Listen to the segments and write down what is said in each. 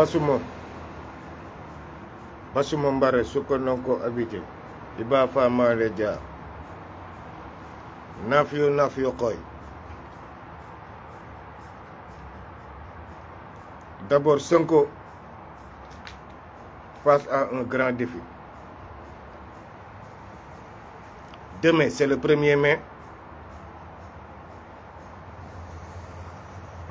suis basuma mbare sukkanonko abite iba famale dia nafio nafio koy d'abord Senko face à un grand défi demain c'est le 1er mai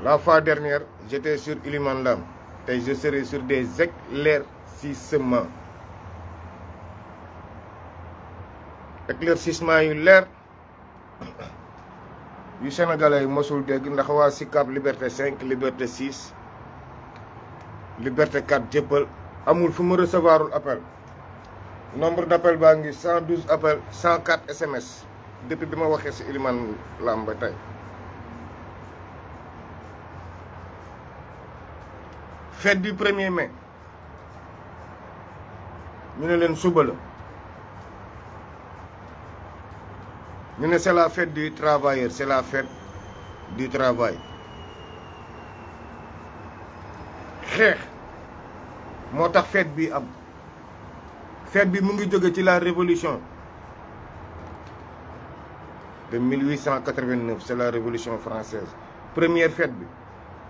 la fois dernière j'étais sur Ilimandam... Et je serai sur des éclaircissements. éclaircissement yu l'air. yu sénégalais yi mosul dégg ndax liberté 5 liberté 6 liberté 4 jëppal amul fu mu recevoirul appel nombre d'appels, appel 112 appels, 104 SMS depuis que ma waxee si Ilimane de la fête du 1er mai Nous sommes c'est la fête du travail. c'est la fête du travail C'est la fête bi am fête bi ci la révolution de 1889 c'est la révolution française première fête bi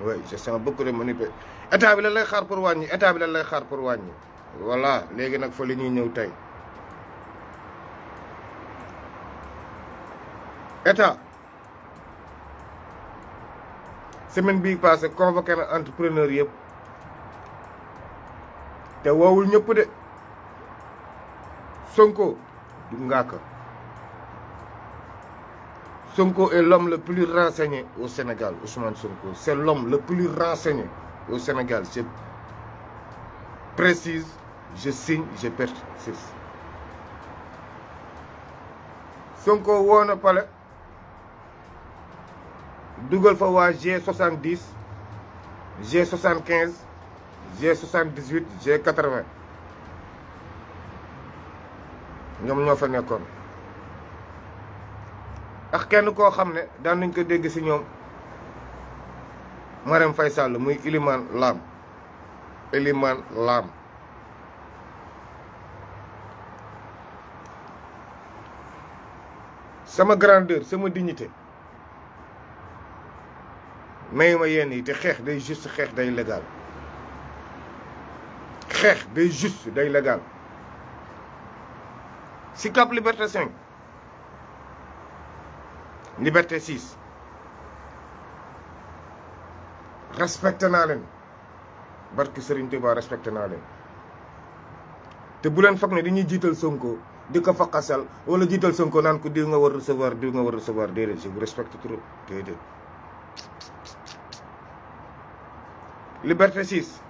oui gestion beaucoup de manipulé état bi la lay xaar pour wàññi état bi lan lay xaar pour wàññi voilà léegi nag fa li ñuy ñëw tey état semaine bii passé convoqué na entrepreneur yëpp te woowul ñëpp de Sonko du Sonko est l'homme le plus renseigné au Sénégal, Ousmane Sonko. C'est l'homme le plus renseigné au Sénégal. Je précise, je signe, je perds. Sonko Wona na Dougal fa G70 G75 G78 G80 ñoom ñoo fa nekkoon. ndax kenn koo xam ne daan nañ ko dégg si ñoom Marème fay Sall muy Iliman Lam Iliman Lam sama grandeur sama dignité may ma yenn yi te xeex day juste xeex day légal xeex day juste day légal si Cap Liberté liberté 6 respecté na len barke Serigne Touba respecté na len te bu len fakk ne dañuy jiital Sonko diko ko wala jiital Sonko nan ko diw nga war recevoir diw nga war recevoir déedéet ci vous respecte trop déedéet liberté 6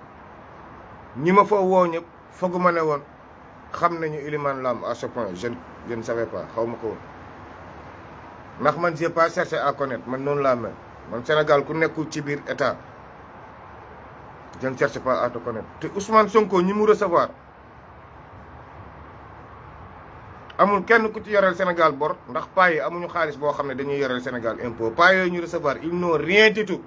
ñima fo wo ñep ñëpp foog won xamnañu woon Lam à ce point je ne savais pas xaw ko woon ndax man j'ai pas cherché à connaître man noonu laa mel man Sénégal ku nekku ci biir état je ne cherche pas à te connaître te Ousmane Sonko ñi mu recevoir amul kenn ku ci yoreel Sénégal bor ndax paa amuñu xaalis boo xam ne dañuy yoreel Sénégal impôt paa yooyu ñu resevoir ils n'ont rien du tout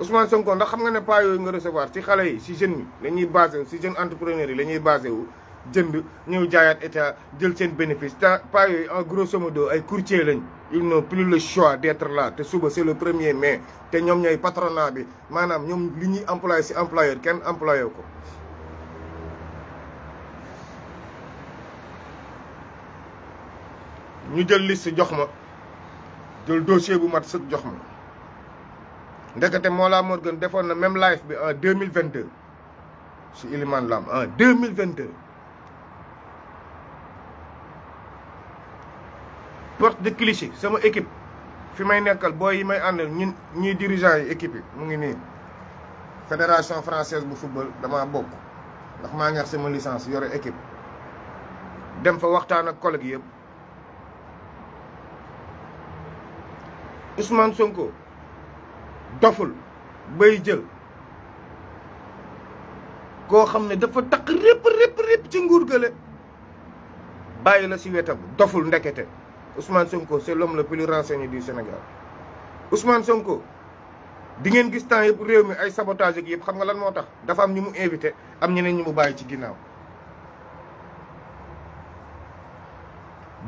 ndax xam nga ne paa yooyu nga recevoir ci xale yi ci jeunes yi la ñuy basé wu ci jeunes yi la ñuy basé wu. jënd ñëw jaayaat état jël seen bénéfice te pas yooyu en grosso modo ay courtier lañ ils n'ont plus le choix d'être là te suba c'est le premier mai te ñoom ñooy patronat bi maanaam ñoom li ñuy employé ci employeur kenn employé ko ñu jël liste jox ma jël dossier bu mat sëkk jox ma ndekete Mollah Morgun defoon na même live bi en 2022 mille vingt deux ci Ilimane Lam en 2022 porte de cliché sama équipe fi may nekkal booy yi may àndal ñun ñuy dirigeant yi équipe yi mu ngi nii fédération française bu football damaa bokk ndax maa ngi sama licence yore équipe dem fa waxtaan ak collègue yëpp Ousmane Sonko doful bay jël koo xam ne dafa taq répp répp répp ci nguur gële bàyyi la si wetam doful ndekete Ousmane Sonko c'est l'homme le plus renseigné du Sénégal Ousmane Sonko di ngeen gis temps réew mi ay sabotage ak yëpp xam nga lan moo tax dafa am ñu mu invité am ñeneen ñu mu bàyyi ci ginnaaw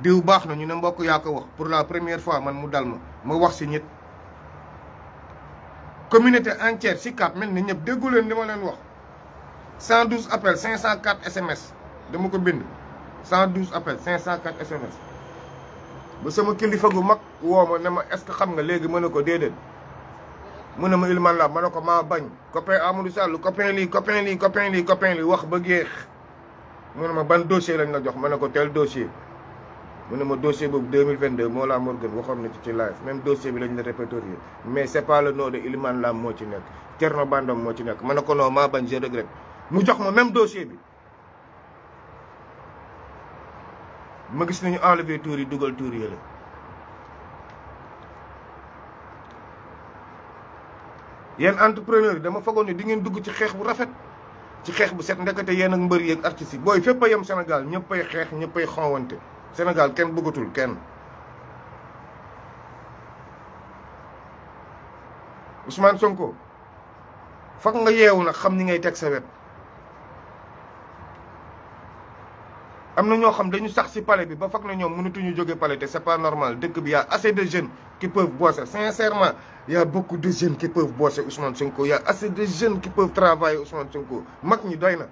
diw baax na ñu ne mbokk yaa ko wax pour la première fois man mu dal ma ma wax si ñit communauté entière si Cap mel ni ñëpp déggu leen li ma leen wax 112 appels 504 SMS dama ko bind 112 appels 504 SMS ba sama kilifa gu mag woo ma ne ma est xam nga léegi mën na ko déedéet mu ne ma Iliman Lam ma ne ko maa bañ copain Amadou Sall copain lii copain lii copain lii copain lii wax ba géex mu ne ma ban dossier lañ la jox ma ne ko tel dossier mu ne ma dossier boobu 2022 Mollah Morgun waxoon na ci ci live même bi lañ la répertorié mais c'est pas le nom de Iliman Lam moo ci nekk Thierno Bandam moo ci nekk ma ne ko non maa bañ je regrette mu jox ma même dossier bi ma gis nañu enlever tuur yi dugal tuur yële yéen entrepreneur yi dama fagoon ne di ngeen dugg ci xeex bu rafet ci xeex bu set ndekete yéen ak mbër yeeg artistes yi booy fépp a yem Sénégal ñëppay xeex ñëppay xonwante Sénégal kenn bëggatul kenn Ousmane Sonko fag nga yeewu nag xam ni ngay teg sa wet amna ñoo xam dañu sax ci palais bi ba foog na ñoom mënatuñu jóge palais te c'est pas normal dëkk bi y a assez de jeunes qui peuvent bosser sincèrement y a beaucoup de jeunes qui peuvent bosser Ousmane Sonko y a assez de jeunes qui peuvent travailler Ousmane Sonko mak ñi doyna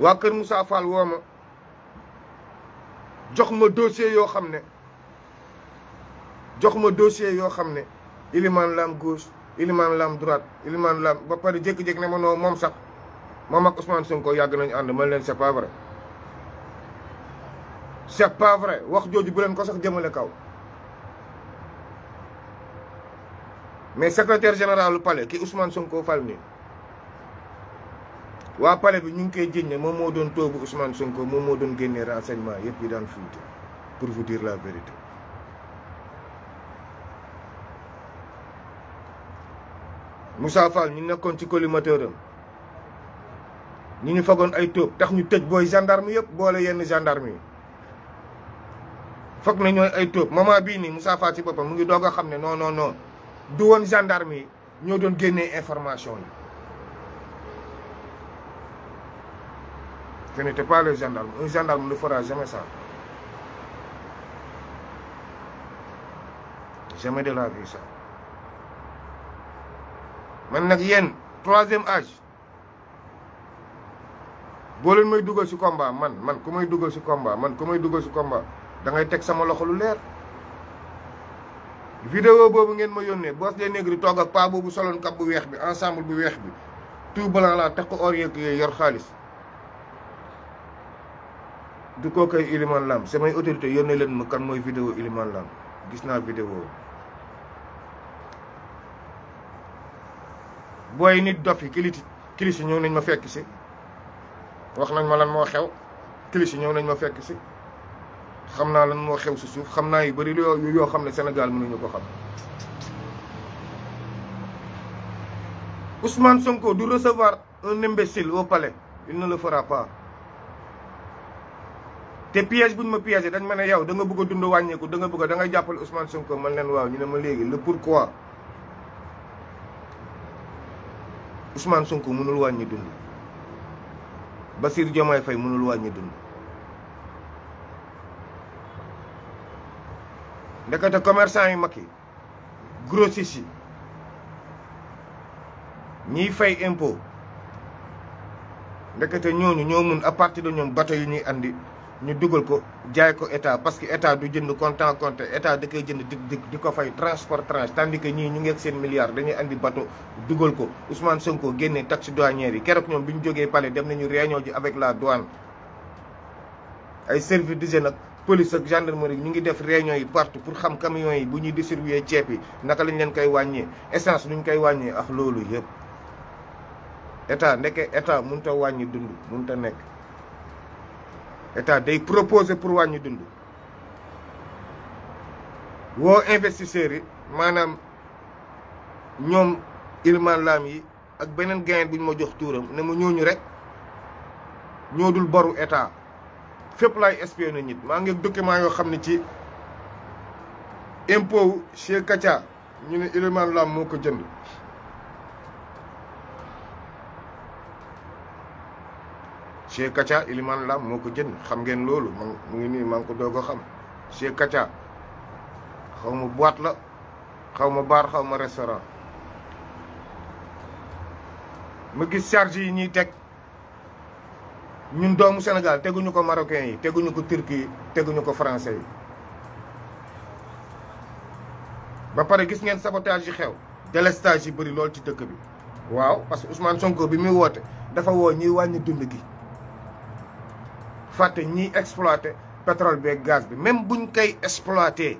na. Kër Moussa Fall woo jox ma dossier yo xamné jox ma dossier yo xamné Iliman Lam gauche Iliman Lam droite Iliman Lam ba paré jékki-jékki né ma noo moom sax. moom ak Ousmane Sonko yag nañu and man leen c'est pas vrai c'est pas vrai wax joju bu leen ko sax jëmele kaw mais secrétaire général du palais ki Ousmane Sonko fal nii waa palais bi ñu ngi koy jigné moom mo doon togu Ousmane Sonko moom mo doon génnee renseignement yépp yi daan fuuté pour vous dire la vérité Moussa Fall ñu nekkon ci collimateur ñi ñu fagoon ay tóob ñu tëj booy gendarme yëpp boole yenn gendarmi yi foog na ñooy ay tóob moment bii nii Moussa Fall ci boppam mu ngi doog a xam ne non non non du ñoo doon génnee information yi ce n'était pas le gendarme un gendarme ne fera jamais ça jamais de la vie ça man nag yéen troisième age boleh leen may duggal ci combat man man ku may dugal combat man ku may dugal si combat da ngay tek sama loxo lu leer. vidéo bobu ngeen ma yonne Boss Day Negri tok ak pa bobu soloon kap bu weex bi ensemble bu weex bi tout blanc la tek or yek yor khalis du ko kay Iliman Lam samay autorité yonne len ma kan moy vidéo Iliman Lam gis na vidéo ini nit kili kilit kiliti kilisi nañ ma fekk ci wax nañ ma lan mo xew kilisi ñew nañ ma fekk ci xamna lan mo xew ci suuf xam naa yu bëri yoo yoo xam ne Sénégal mënuñu ko xam Ousmane Sonko du recevoir un imbécile au palais il ne le fera pas té piège buñ ma piégé dañ mëna ne yow da nga bëgg dund wañé ko da nga bëgg da nga jappal Ousmane Sonko man leen waaw ñu ne ma légui le pourquoi Ousmane Sonko mënul wàññi dund. Bassirou Diomaye Faye mënul wàññi dund ndekete commerçant yi mag yi grossistes yi ñiy fay impôt ndekete ñooñu ñoo mun à partir de ñoom bato yu ñuy indi ñu dugal ko jaay ko état parce que état du jënd comptant compte état da koy jënd di di ko fay transport tranche tandis que ñii ñu ngi ak seen milliard dañuy indi bateau dugal ko Ousmane Sonko génne taxe douanière yi keroog ñoom bi ñu jógee palais dem nañu réunion ji avec la douane ay service d'hygiène nag police ak gendarmerie ñu ngi def réunion yi partout pour xam camions yi bu ñuy distribuer ceeb yi naka lañ leen koy wàññee essence ñu koy wàññee ak loolu yëpp état ndeke état mun a wàññi dund mënut a nekk état day proposé pour wàññi dund woo investisseur yi maanaam ñoom ilman laam yi ak beneen gayen bu ñu ma jox tuuram ne ma ñooñu rek ñoo dul boru état fépp lay laay espionné nit maa ngi document yoo xam ne ci impôt wu chez ñu ne ilman laam moo ko jënd Cheikh katia Iliman Lam moko ko jënd xam ngeen loolu man mu ngi ni maa ko dogo xam Cheikh katia xawma boîte la xawma bar xawma restaurant ma gis charge yi ñi tek ñun doomu Sénégal teguñu ko marocain yi teguñu ko turki teguñu ko français yi ba paré gis ngeen sabotage yi xew délestage yi bari lool ci dëkk bi waaw parce que Ousmane Sonko bi mi wote dafa wo ñi wàññi dund gi fàtte ñiy exploité pétrole bi ak gaz bi même buñ koy exploité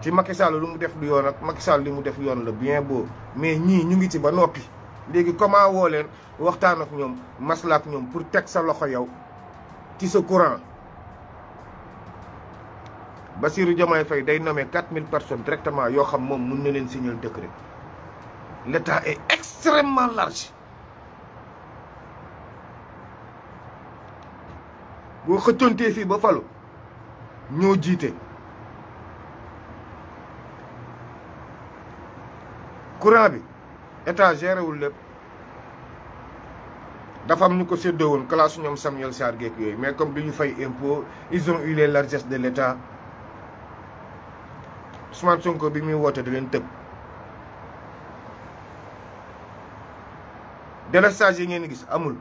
ci Macky lu mu def yoon ak Macky Sall li mu def yoon la bien beau mais ñii ñu ngi ci ba noppi léegi comment woo leen waxtaan ak ñoom masla ñoom pour teg sa loxo yow ci sa courant Bassirou Diomaye Faye day nommé 4000 personnes directement yoo xam moom mun na leen signer décret l'état est extrêmement large Vous xëccoontee fii vous fallu. nous dites. courant bi état géré le. dafa am conseille Samuel Sarr mais comme ils ont eu les largesses de l'état Ousmane Sonko bi de de De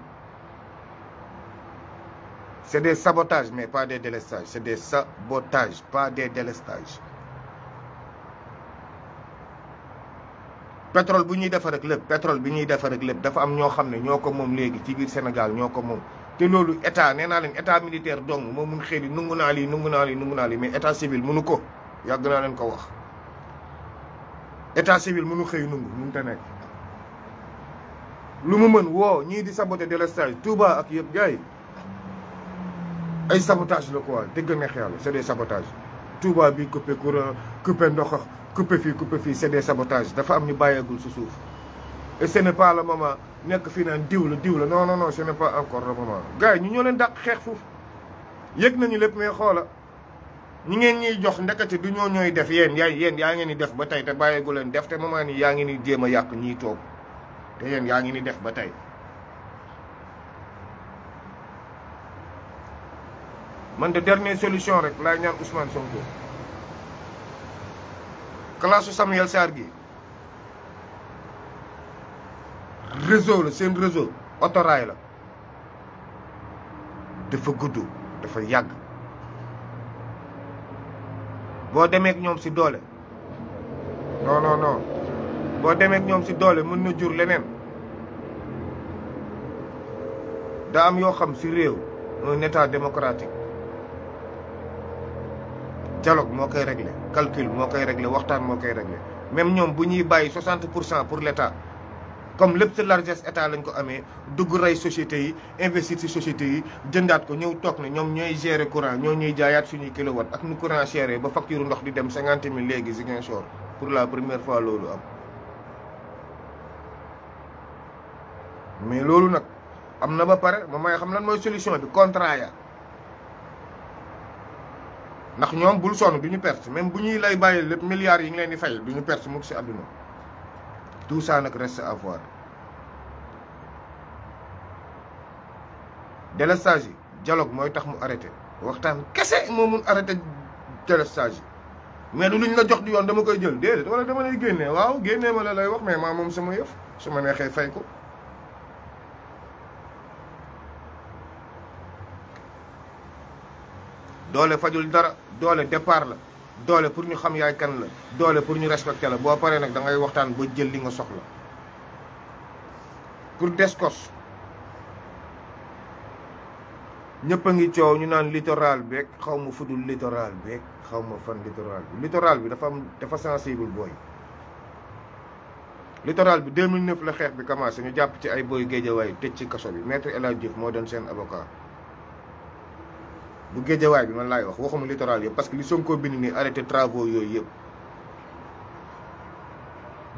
c'est des sabotages, mais pas des délestages. C'est des sabotages, pas des délestages. pétrole bu ñuy defar ak pétrole bi ñuy defar ak lépp dafa am ñoo xam ne ñoo ko moom léegi ci biir Sénégal ñoo ko moom te loolu état nee état militaire donc, moo mun xëy di nungu naa lii nungu naa lii nungu naa mais état civil mënu ko yàgg naa leen ko wax état civil mënu xëy nungu mënu te nekk lu mu mën woo ñii di saboter délestage Touba ak yëpp gars ay sabotage la quoi dëgg neex yàlla c' est des sabotages Touba bi coupé courant coupé ndox coupé fii coupé fii c' est des sabotages dafa am ñu bàyyeegul si suuf et ce n' est nekk fii naan diw la diw la non non non ce n' est encore le moment gars yi ñu ñoo leen dàq xeex foofu yëg nañu lépp mais xoola ñi ngeen ñuy jox ndekete du ñoo ñooy def yéen yaa yéen yaa ngeen di def ba tey te bàyyeegu leen def te moment nii yaa ngi ni jéem a yàq ñiy toog te yéen yaa ngi ni def ba tey man de dernière solution rek laay ñaan Ousmane Sonko classe Samuel Sarr gi réseau la seen réseau otoraay la dafa gudd dafa yàgg boo demee ñoom si doole non non boo demee ak ñoom si doole mën na jur leneen daa am yoo xam si réew un état démocratique jaloog moo koy réglé calcul moo koy réglé waxtaan moo koy réglé même ñoom bu ñuy bàyyi 60 pour cent pour l' état comme lépp ci largesse état lañ ko amee dugg rey société yi investir société yi jëndaat ko ñëw toog na ñoom ñooy gérer courant ñoo ñuy jaayaat suñuy kilowatt ak nu courant chéré ba facture ndox di dem 50 mille léegi Ziguinchor pour la première fois loolu am mais loolu nag am na ba pare moom mooy xam lan mooy solution bi contrat ya ndax ñoom bul sonn du ñu perte même bu ñuy lay bàyyi lépp milliards yi ngi leen di fay du ñu perte mukk si àdduna tout ça nag reste à voir yi dialogue mooy tax mu arrêté waxtaan kese moo mun arrêté délestage yi lu lu ñu la jox di yoon dama koy jël déedéet wala dama lay génne waaw génnee ma la lay wax mais maa moom sama yëf su ma neexee fay ko doole fajul dara doole départ la doole pour ñu xam yaay kan la doole pour ñu respecté la bo paré nak da ngay waxtaan ba jël li nga soxla pour descos ñepp nga ciow ñu naan littoral beeg xawma fudul littoral beeg xawma fan littoral bi littoral bi dafa am dafa sensible boy littoral bi 2009 la xex bi commencé ñu japp ci ay booy géejawaay tecc ci kasso bi maître eladjif mo avocat du géejawaay bi man lay wax waxuma littoral yëpp parce que li Sonko bind ni arrêté travaux yoy yëpp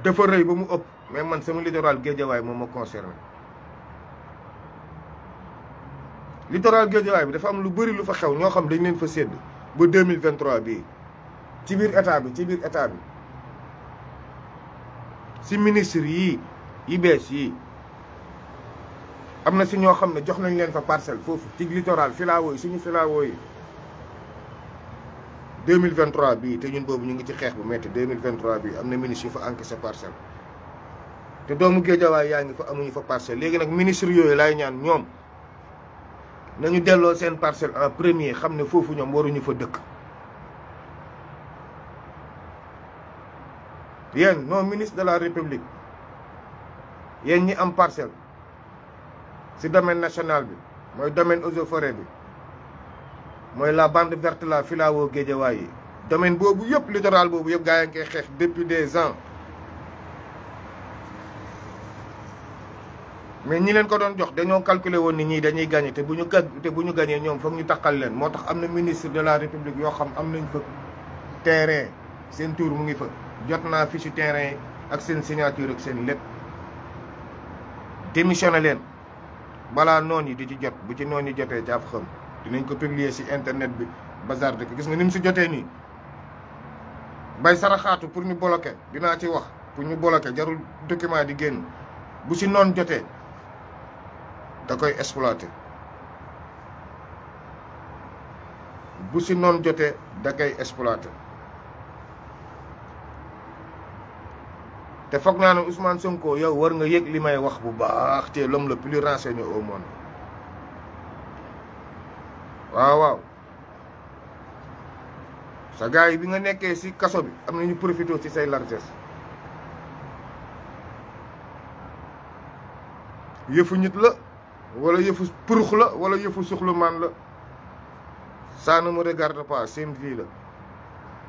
dafa reuy ba mu ëpp mais man sama littoral géejawaay way moma concerné littoral way bi dafa am lu bëri lu fa xew ño xam dañ leen fa sédd ba 2023 bi ci biir état bi ci biir état bi si ministre yi yi bees yi amna ci si ñoo xam jox nañ leen fa parcelle fofu ci littoral filao yi suñu filao yi 2023 bi té ñun boobu ñu ngi ci xeex bu metti 2023 bi amna ministre yu fa encaissé parcelle té doomu géejawaay yaa ngi fa amuñu fa parcelle légui nak ministre yoy laay ñaan ñoom nañu delloo sen parcelle en premier xamné fofu foofu ñoom waruñu fa dëkk yéen non ministre de la république yeen ñi am parcelle si domaine national bi mooy domaine eaux et forêt bi mooy la bande verte la filao géejawaay yi domaine boobu yëpp littoral boobu yëpp gaa yi ngi koy xeex depuis des ans mais ñi leen ko doon jox dañoo calculer woon ni ñi dañuy gagné te bu ñu gag te bu ñu gagné ñoom foog ñu taxal leen moo tax am na ministre de la république yoo xam am nañu fa terrain seen tour mu ngi fa jot naa fiche terrain ak seen signature ak seen lépp démissionné leen. balaa noon yi di ci jot bu ci noon yi jotee ci ab xam dinañ ko publier si internet bi bazar de gis nga ni mu si jotee nii bay saraxaatu pour ñu bloquer dinaa ci wax pour ñu bloquer jarul document di génn bu si noon jotee da koy exploiter bu si noon jotee da koy exploiter te foog naa ni Ousmane Sonko yow war nga yëg li may wax bu baax te l'homme le plus renseigné au monde waaw waaw sa gars yi bi nga nekkee si kaso bi am nañu profité ci say largesse yëfu nit la walla yëfu purux la wala yëfu suxlumaan la ça ne me regarde pas seen vie la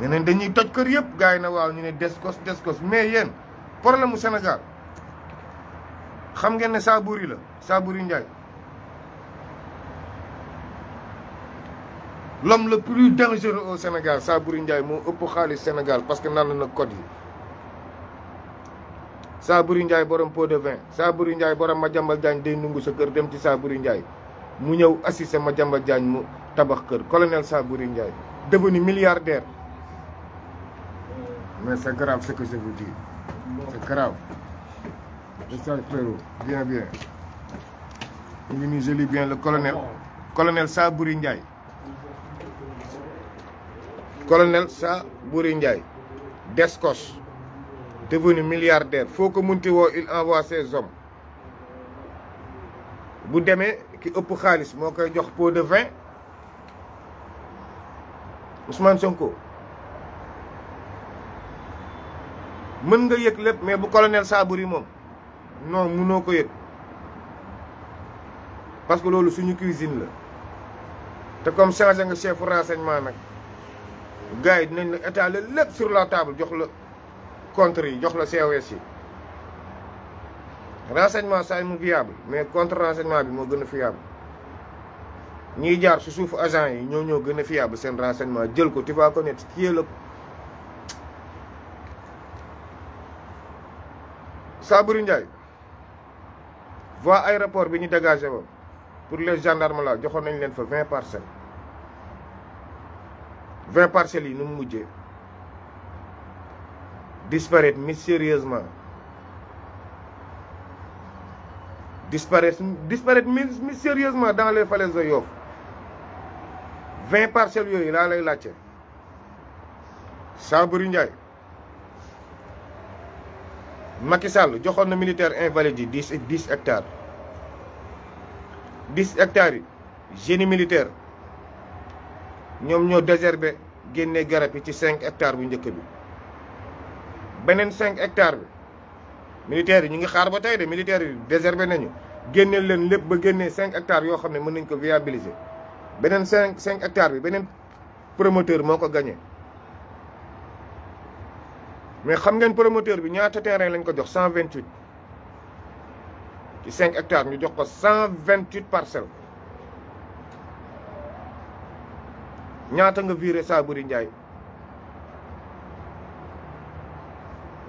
ne dañuy toj kër yëpp gars yi na waaw ñu ne descos descos mais yéen problème mu Sénégal xam ngeen ne Saaburi la Saaburi Ndiaye l'homme le plus dangereux au Sénégal Saaburi Ndiaye moo ëpp xaalis Sénégal parce que naan na code yi Saaburi njaay borom pot de vin Saaburi Ndiaye borom Madiambal Diagne day nungu sa kër dem ci saa Saaburi Ndiaye mu ñëw assisté Madiambal jaañ mu tabax kër colonel Saaburi Ndiaye devenu milliardaire Mais c'est grave ce que je vous dis. C'est grave. le Frérot, bien, bien. Il est je lis bien le colonel. Colonel Sabouri Colonel Sa Ndiaye. Descoche. Devenu milliardaire. Il Faut que Muntiwo, il envoie ses hommes. bu qui qui au Khalis qui jox pot de vin Ousmane Sonko mën nga yëg lépp mais bu colonel yi moom no mënoo ko yëg parce que loolu suñu cuisine la te comme changé nga chef renseignement nag gars yi dinañ la étaler lépp sur la table jox la contre yi jox la COS yi renseignement saa mu fiable mais contre renseignement bi moo gën a fiable ñiy jaar su suufu agent yi ñoo ñoo gën a fiable seen renseignement jël ko tu vas connaître qui est le Sabri Ndiaye un aéroport bi ñu pour les gendarmes là joxon nañ leen 20 parcelles 20 parcelles yi nu mujjé disparaître mystérieusement disparaître mais mystérieusement dans les falaises de Yoff 20 parcelles yoy la lay laccé Sabri Ndiaye Macky joxoon na militaire invalide yi dix dix hectares dix hectares yi génie militaire ñoom ñoo désherber génnee garab yi ci cinq hectares bu njëkk bi beneen cinq hectares bi militaires yi ñu ngi xaar ba tey de militaires yi désherber nañu génneel leen lépp ba génnee cinq hectares yoo xam ne mën nañ ko viabiliser beneen cinq cinq hectares bi beneen promoteur moo ko gañe Mais vous savez, le promoteur, il y a terrain qui ont 128. Qui 5 hectares, nous avons 128 parcelles. Il avons viré ça pour une journée.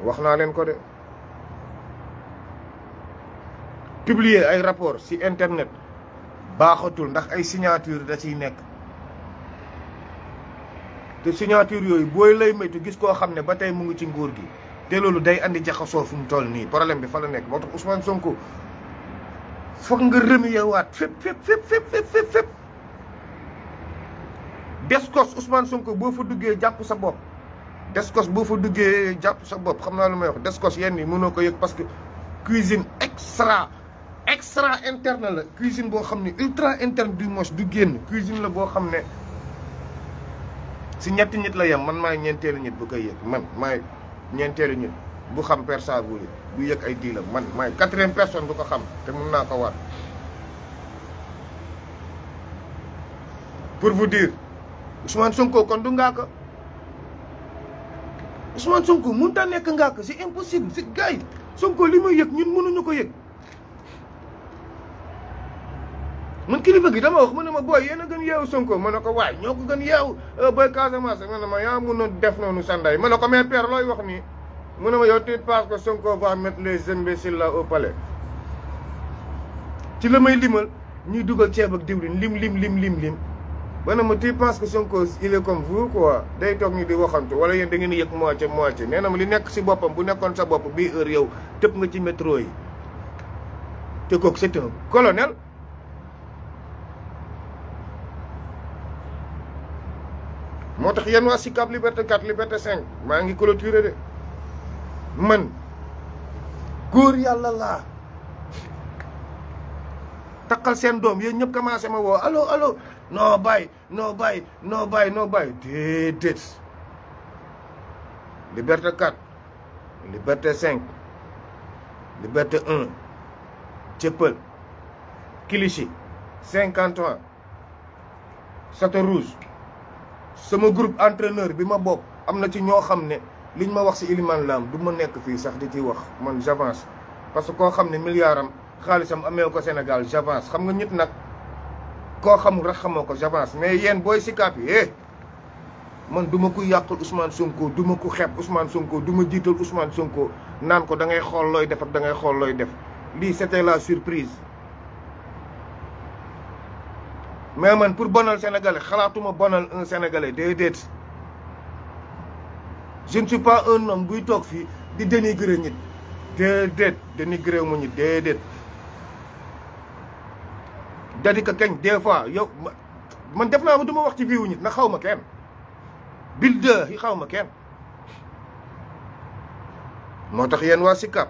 Nous avons publié un rapport sur Internet. Il y a des signatures qui sont te signature yoy boy lay metti gis ko xamne batay mu ngi ci ngor gi te loolu day andi jaxaso fu mu toll ni problème bi fa la nek motax Ousmane Sonko fokk nga fep fep fep fep fep fep fep deskos Ousmane Sonko bo fa duggé japp sa bop deskos bo fa duggé japp sa bop xamna lu may wax deskos yenn ni mëno ko yek parce que cuisine extra extra interne la cuisine bo xam ultra interne du moche du guen cuisine la bo xam si ñetti nit la yam man maay ñentelu nit bu koy man maay ñentelu nit bu xam persa bu bu yek ay diilam man 4e personne bu ko xam te mën na ko war pour vous dire Ousmane Sonko kon du ko Ousmane Sonko mu ta nga ko c'est impossible c'est gay Sonko limu yek ñun mënu ñu ko yek man kilifa gi dama wax mu ne ma booy yéen a gën yeewu Sonko ma ne ko waay ñoo ko gën yeewu euh, booy Casamance ma ne ma yaa mun noon def noonu sanday ma ne ko mais père looy wax nii mu ne ma yow tu penses que Sonko va mettre les imbéciles là ci la may limal ñuy dugal ceeb ak diwlin lim lim lim lim lim ma ne ma tu penses que Sonko il est day toog ñu di waxantu wala yéen da ngeen yëg moitié moitié nee na ma li nekk si boppam bu nekkoon sa bopp bii heure yow tëb nga ci métro yi te motax yeen wa sikap Liberté 4 Liberté 5 ma ngi clôturer de man gor yalla la takal sen dom yeen ñep commencé ma wo allo allo bay no bay no bay no bay bàyyi déedéet Liberté 4 Liberté 5 Liberté 1 Thiépeul Kilichi 53 antoine Rouge sama groupe entraîneur bi ma bokk am na ci ñoo xam ne liñ ma wax si Iliman Lam du ma nekk fii sax di ci wax man j'avance parce que koo xam ne milliard am xaalisam amee ko Sénégal j'avance xam nga nit nag koo xamul rek xamoo ko j'avance mais yéen booy si kaap yi eh man du ma ko yàqul Ousmane Sonko du ma ko xeeb Ousmane Sonko du ma jiital Ousmane Sonko naan ko da ngay xool looy def ak da ngay xool looy def lii c'était la surprise mais man pour bonal sénégale xalaatuma bonal un sénégalais déedéet je ne suis pas un homme buy toog fii di dénigrer nit déedéet dénigrer mu nit déedéet dadi ka kañ des fois yow man def naa ba du ma wax ci biiru nit na xaw ma kenn bil de xaw ma kenn moo tax yéen waa Sicap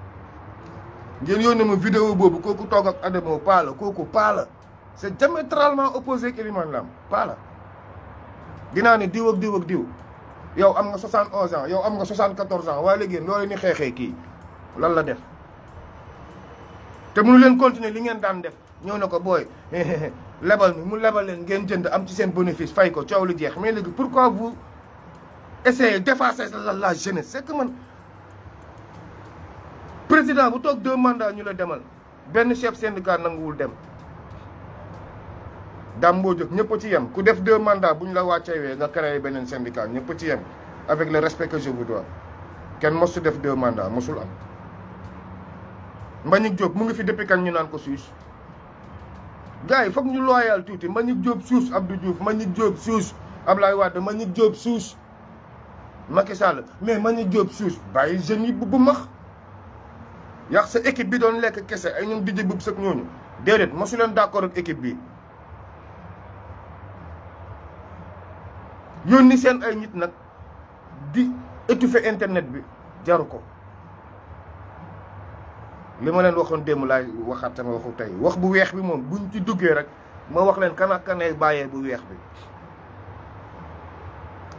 ngeen yónnee ma vidéo boobu kooku toog ak Adamo paala kooku paala c'est diamétralement opposé ak Elimane Lam paala dinaa ne diw ak diw ak diw yow am nga 71 ans yow am nga 74 ans waaye léegi loolee ni xeexee kii lan la def te mënu leen continuer li ngeen daan def ñëw na ko booy lebal mi mu lebal leen ngeen jënd am ci seen bénéfice fay ko coow lu jeex mais pourquoi vous essayez d'effacer la la jeunesse c'est que man. président bu tok deux mandats ñu la démal ben chef syndicat nangul dem dambo jox ñepp ci yam ku def deux mandats buñ ñu la wàccewee nga créer benen syndicat ñepp ci yam avec le respect que je vous dois ken mossu def deux mandats mossul am mbagnik job mu ngi fi depuis kan ñu nan ko suus gars yi ñu loyal tuuti mbagnik job suus Abdou Diouf mbagnik job suus Ablaye Wade mbagnik job suus Macky Sall mais mbagnik job suus baye jeune yi bu bu max yàq sa équipe bi doon lekk kese ay ñoom dijj bu sëg ñooñu déedéet mosu leen d'accord ak équipe bi yónni seen ay nit nag di étouffer internet bi jaru ko li ma leen waxoon démb laay waxaat sama waxu tey wax bu weex bi moom buñ ci duggee rek moo wax leen kan ak kan ay bàyyee bu weex bi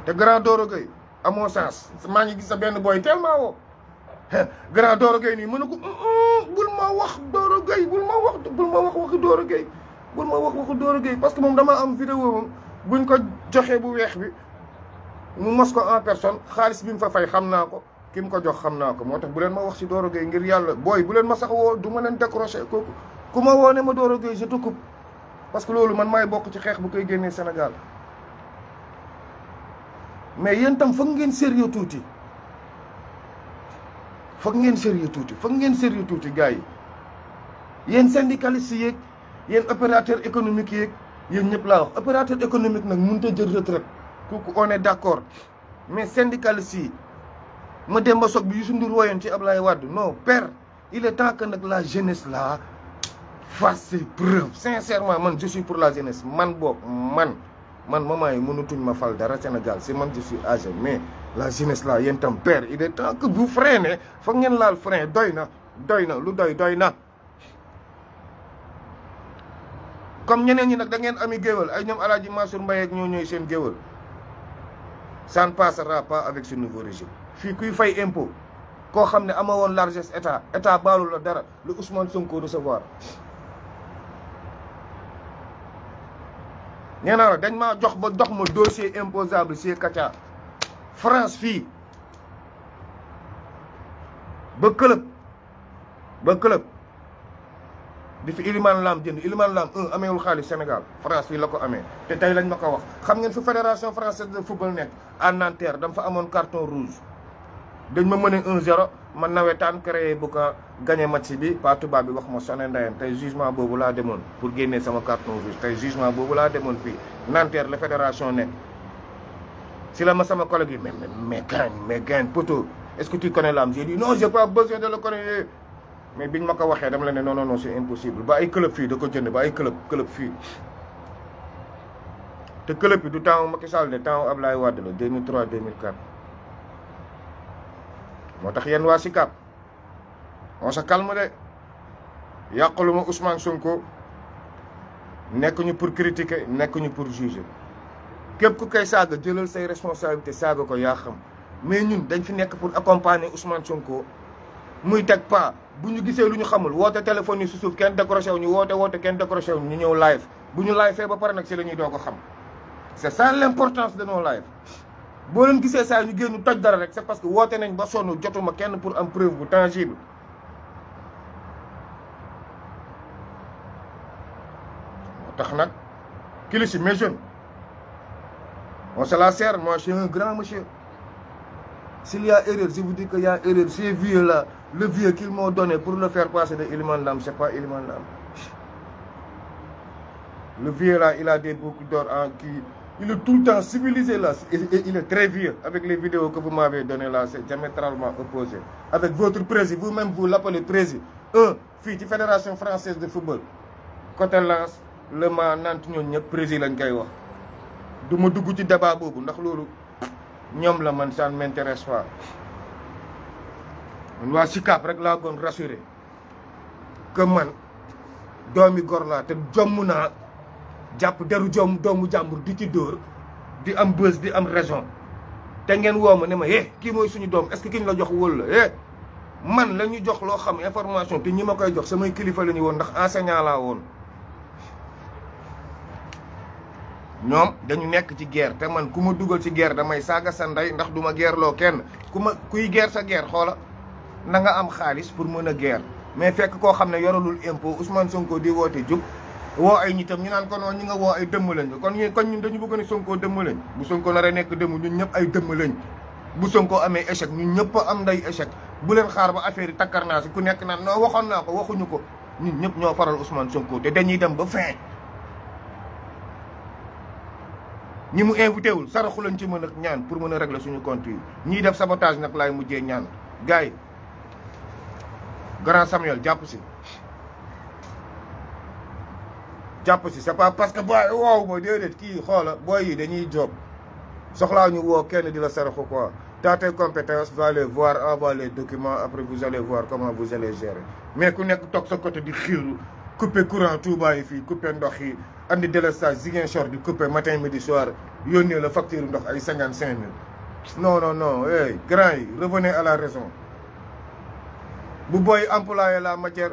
te grand Doro Gueye amoo sens maa ngi gis sa benn boy tellement woo grand Doro Gueye nii mu ne ko bul ma wax Doro Gueye bul ma wax wax waxu Doro Gueye bul ma parce que moom dama am vidéo moom buñ ko joxee bu weex bi mu mos ko en personne xaalis bi mu fa fay xam naa ko ki ko jox xam naa ko moo tax bu leen ma wax si Doro géey ngir yàlla booy bu leen ma sax woo duma leen décroché kooku ku ma woo ne ma Doro Gueye je te coupe parce que loolu man may bokk ci xeex bu kay génne Sénégal mais yéen tam foog ngeen sérieux tuuti. foog ngeen sérieux tuuti foog ngeen sérieux tuuti gars yi yéen syndicalistes yeeg yéen opérateur économique yeeg yéen ñëpp laa wax opérateur économique nag mënut a jël retraite kooku on est d'accord mais syndicalistes yi ma dem ba soog bi Youssou Ndour woyoon ci Ablaye Wade non père il est temps que nag la jeunesse là fasse ses preuves sincèrement man je suis pour la jeunesse man boog man man moment yi mënatuñ ma fal dara Sénégal si man je suis âgé mais la jeunesse là yéen tam père il est temps que vous ne foog ngeen laal frein doy na doy na lu doy doy na. comme ñeneen ñi nag da ngeen ami géwél ay ñoom Alaaji Mansour Mbaye ak ñoo ñooy seen géwél ça passera pas avec ce nouveau régime fii kuy fay impôt koo xam ne ama woon largesse état état baalu la dara lu Ousmane Sonko recevoir Je na dañ un dossier imposable le Kacha. France fi ba club ba club y fi Iliman Lam il Iliman Lam un y a Sénégal France il la ko amé. il ma wax xam ngeen fédération française de football net à Nanterre y y un carton rouge dañ ma mën 1-0 man nawetaan créé bu ko gagné match bi pas ba bi wax ma soné ndeyam tay jugement bobu la demoon pour génnee sama carton rouge tay jugement bobu la demoon fi Nanterre la fédération nekk si la ma sama collègue yi mais mais Gagne mais Gagne poto est-ce que tu connais l'AM j'ai dit non j'ai pas besoin de le connaître mais biñ mako waxé waxee dama la ne non non non c'est impossible ba ay club fi da ko jënd ba ay club club fi te club bi du temps Macky Sall né temps Abdoulaye Wade la 2003 2004. moo tax yéen waa Sicap on se calme de yàquluma Ousmane Sonko nekkuñu pour critiquer nekkuñu pour juger képp ku kay saaga jëlal say responsabilité saaga ko yaa xam mais ñun dañ fi nekk pour accompagner Ousmane Sonko muy teg pas bu ñu gisee lu ñu xamul woote téléphone yi su suuf kenn décroché wu ñu woote woote kenn décroché wu ñu ñëw live bu ñu live ba pare nag si la ñuy doo ko xam c'est ça l'importance de nos Si leen gisee ça ñu génn toj dara rek c'est parce que woote nañ ba sonn jotuma kenn pour am preuve tangible moo tax nag Kilichi mes jeunes on se la sert. moi je suis un grand monsieur s'il y a erreur je vous dites qu'il y a erreur ces vieux là le vieux qu'ils m'ont donné pour le faire passer de Iliman Lam c'est pas Iliman Lam le vieux là il a des boucles d'or en qui il est tout le temps civilisé là. Et, il est très vieux avec les vidéos que vous m'avez données là. C'est diamétralement opposé. Avec votre président, vous-même vous, l'appelez président. Eux, fille de Fédération Française de Football. Quand elle lance, le man, nous président. Je ne suis pas débat. je que ñoom la man ça ne m'intéresse pas man waa SICAP rek laa doon rassuré que man doomi gor laa te jomm japp deru jom doomu jamur di ci dor di am di am raison te ngeen woo ma ne ma eh ki moy suñu dom est-ce kiñ la jox wol la eh man lañu jox lo xam information te ñima koy jox samay kilifa lañu won ndax enseignant la won ñom dañu nekk ci guerre te man kuma duggal ci guerre damay saga sa nday ndax duma guerre lo kenn kuma kuy guerre sa guerre xola na nga am xaliss pour meuna guerre mais fekk ko xamne yoralul impôt Ousmane Sonko di wote juk woo ay ñitam ñu naan ko noonu ñi nga woo ay dëmm lañ kon ñu kon ñun dañu bëgg ne Sonko dëmm lañ bu Sonko nar a nekk dëmm ñu ñëpp ay dëmm lañ bu Sonko amee échec ñun ñëpp am nday échec bu leen xaar ba affaire yi takkar naa si ku nekk naan noo waxoon naa ko waxuñu ko ñun ñëpp ñoo faral Ousmane Sonko te dañuy dem ba fin ñi mu invité wul saraxu lañ ci mën ak ñaan pour mën a régler suñu compte yi ñiy def sabotage nag laay mujjee ñaan gars yi grand Samuel jàpp si jàpp si c'est pas parce que boy wow boy déedéet ki xoola boy yi dañuy job soxlaa ñu woo kenn di la saraxu quoi dans tes compétences va allez voir avoir les documents après vous allez voir comment vous allez gérer mais ku nek tok sa côté di xiru couper courant Touba yi fii couper ndox yi andi délestage short, di couper matin midi soir yónnee la facture ndox ay 55000 non non non hey grand revenez à la raison bu boy employé la matière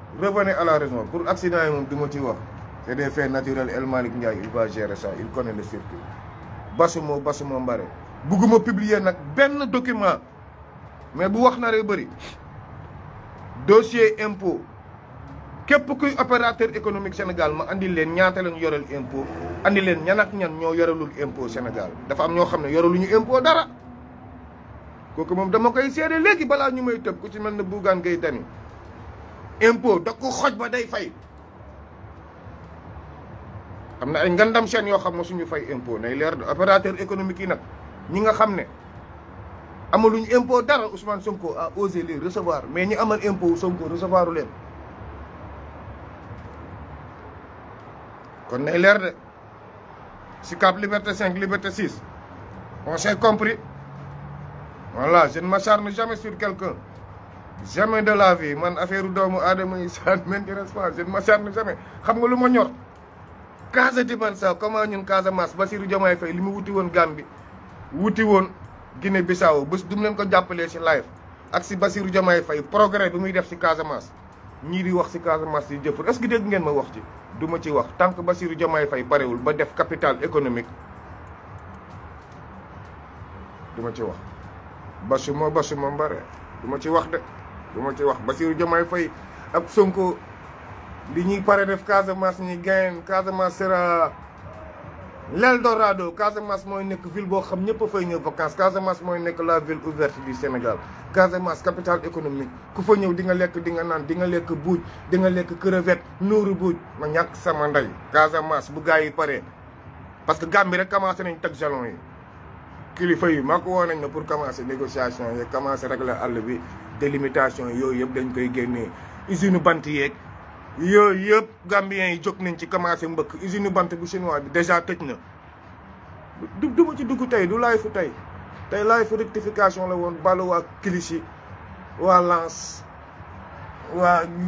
revenez à la raison pour accident yi moom du ma ci wax c' est des faits naturels El Malick Ndiaye il va gérer ça il connaît le circuit basuma basuma mbare bugguma publier nag benn document mais bu wax naree bëri dossier impôt képp kuy opérateur économique Sénégal ma andi leen ñaata lañu yorel impôt indileen leen ñan ak ñan ñoo yorelul impôt Sénégal dafa am ñoo xam ne yoreluñu impôt dara kooku moom dama koy seede léegi balaa ñu may tëb ku ci mel ne Bougane Gueye Dany impôt da ko xoj ba day fay am na ay ngandam chaîne yoo xam ne suñu fay impôt nay leer opérateur économique yi nag ñi nga xam ne amaluñ impôt dara Ousmane Sonko a osé les recevoir mais ñi amal impôt Sonko recevoiru leen kon nay leer de Sicap Liberté 5 Liberté 6 on s'est compris jeune je ne m'acharne jamais sur quelqu'un jamais de la vie man affaire doomu adama yi ça ne m'intéresse pas je ne m'acharne jamais xam nga luma ñor Casa di man sa comment ñun Casamance mas, Diomaye jomay fay limu wuti won gambi wuti won Guinée Bissau bés du mu leen ko jappalé si live ak ci Bassirou jomay fay progrès bu muy def si mas ñi di wax si mas di jëfur est-ce que deg ngeen ma wax ci duma ci wax tank que jomay fay Faye ba def capital économique duma ci wax basu mo basu mo mbare duma ci wax de du ma ci wax ba Bassirou Diomaye fay ak Sonko li ñuy pare def Casamance ñi gayen Casamance sera l'Eldorado Casamance mooy nekk ville boo xam ñëpp fay ñëw vacances Casamance mooy nekk la ville ouverte du Sénégal Casamance capitale ku fa ñëw di nga lekk di nga naan di nga lekk buuj di nga lekk crevette nuuru buuj ma ñàkk sama ndey Casamance bu gars yi paree parce que Gambie rek commencé nañ teg jalon yi kilifa yi maa woo nañ na pour commencer négociation yi commencer régler àll bi délimitation yep dañ koy génnee usine bant yek yooyu yep Gambien yi jóg nañ ci y a usine bant bu chinois déjà na ci tay du tay tay rectification la won cliché, lance,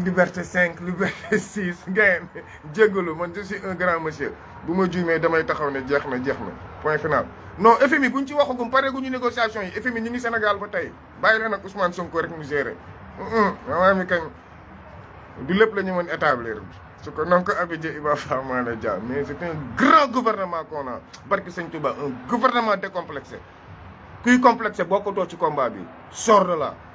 Liberté 5 Liberté 6 man je suis un grand monsieur buma damay taxaw ne y a point final non FMI buñ ci waxagum pare gu négociation FMI ñi Sénégal ba bàyyi leen ak Ousmane Sonko rek mu géré maanaam mi kañ du lépp la ñu mën établir su ko na nga ko abidjé Iba Famane Dia mais c'est un grand gouvernement qu'on a barki sëñ Touba un gouvernement décomplexé kuy complexé bokkutoo ci combat bi sors de la